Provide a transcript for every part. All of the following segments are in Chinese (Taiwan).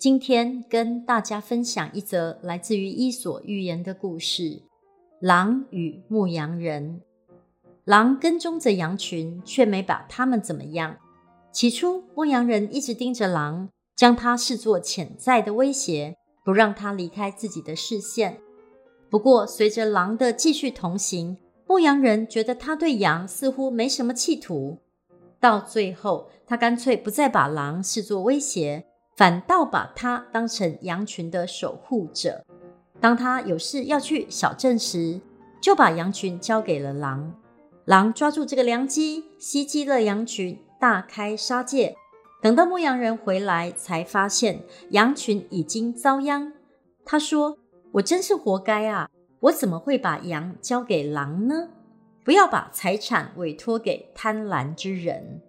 今天跟大家分享一則來自於伊索寓言的故事《狼與牧羊人》。狼跟蹤着羊群，卻沒把他們怎麼樣。起初，牧羊人一直盯着狼，將他視作潛在的威脅，不讓他離開自己的視線。不過，隨着狼的繼續同行，牧羊人覺得他對羊似乎沒什麼企圖。到最後，他乾脆不再把狼視作威脅。反倒把他當成羊群的守護者。當他有事要去小鎮時，就把羊群交給了狼。狼抓住這個良機，襲擊了羊群，大開殺戒。等到牧羊人回來，才發現羊群已經遭殃。他說：“我真是活該啊！我怎麼會把羊交給狼呢？不要把財產委托給貪婪之人。”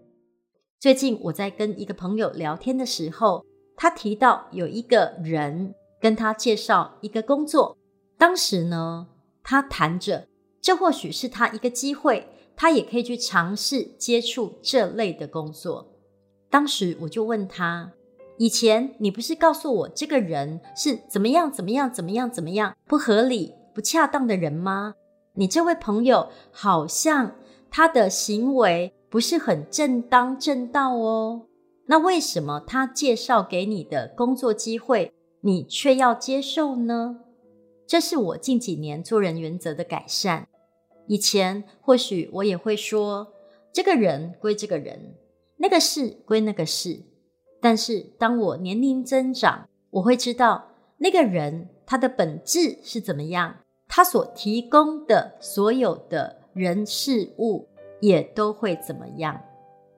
最近我在跟一個朋友聊天的時候，他提到有一個人跟他介紹一個工作，當時呢，他談着，這或許是他一個機會，他也可以去嘗試接觸這類的工作。當時我就問他，以前你不是告訴我這個人是怎麼樣怎麼樣怎麼樣怎麼樣不合理、不恰當的人嗎？你這位朋友好像他的行為不是很正當正道哦。那為什麼他介紹給你的工作機會，你卻要接受呢？這是我近幾年做人原則的改善。以前或許我也會說，這個人歸這個人，那個事歸那個事。但是當我年齡增長，我會知道那個人他的本質是怎麼樣，他所提供的所有的人事物也都會怎麼樣。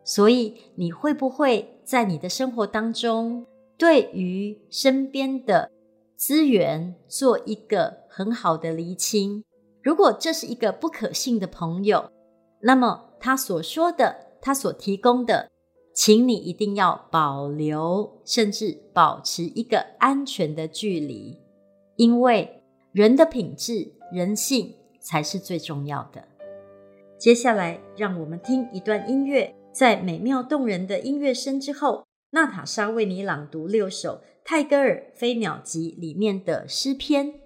所以你會不會在你的生活當中，對於身邊的資源做一個很好的釐清？如果這是一個不可信的朋友，那麼他所說的、他所提供的，請你一定要保留，甚至保持一個安全的距離，因為人的品質、人性才是最重要的。接下來，讓我們聽一段音樂。在美妙動人的音樂聲之後，娜塔莎為你朗讀六首泰戈爾《飛鳥集》裡面的詩篇。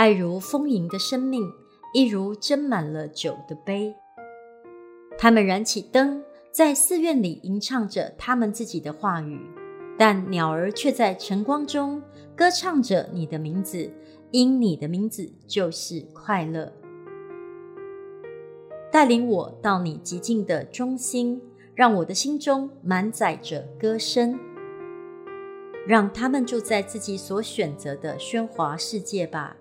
愛如豐盈的生命，一如斟滿了酒的杯。他們燃起燈，在寺院裡吟唱着他們自己的話語，但鳥兒卻在晨光中歌唱着你的名字，因你的名字就是快樂。帶領我到你寂靜的中心，讓我的心中滿載着歌聲。讓他們住在自己所選擇的喧嘩世界吧。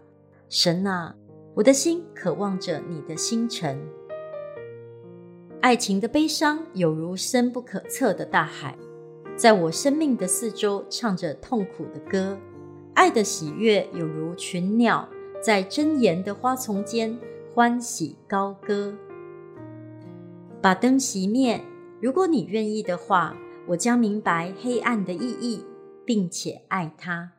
神啊，我的心渴望着你的星辰。愛情的悲傷有如深不可測的大海，在我生命的四周唱着痛苦的歌。愛的喜悅有如群鳥在箴言的花叢間歡喜高歌。把燈熄滅，如果你願意的話，我將明白黑暗的意義，並且愛它。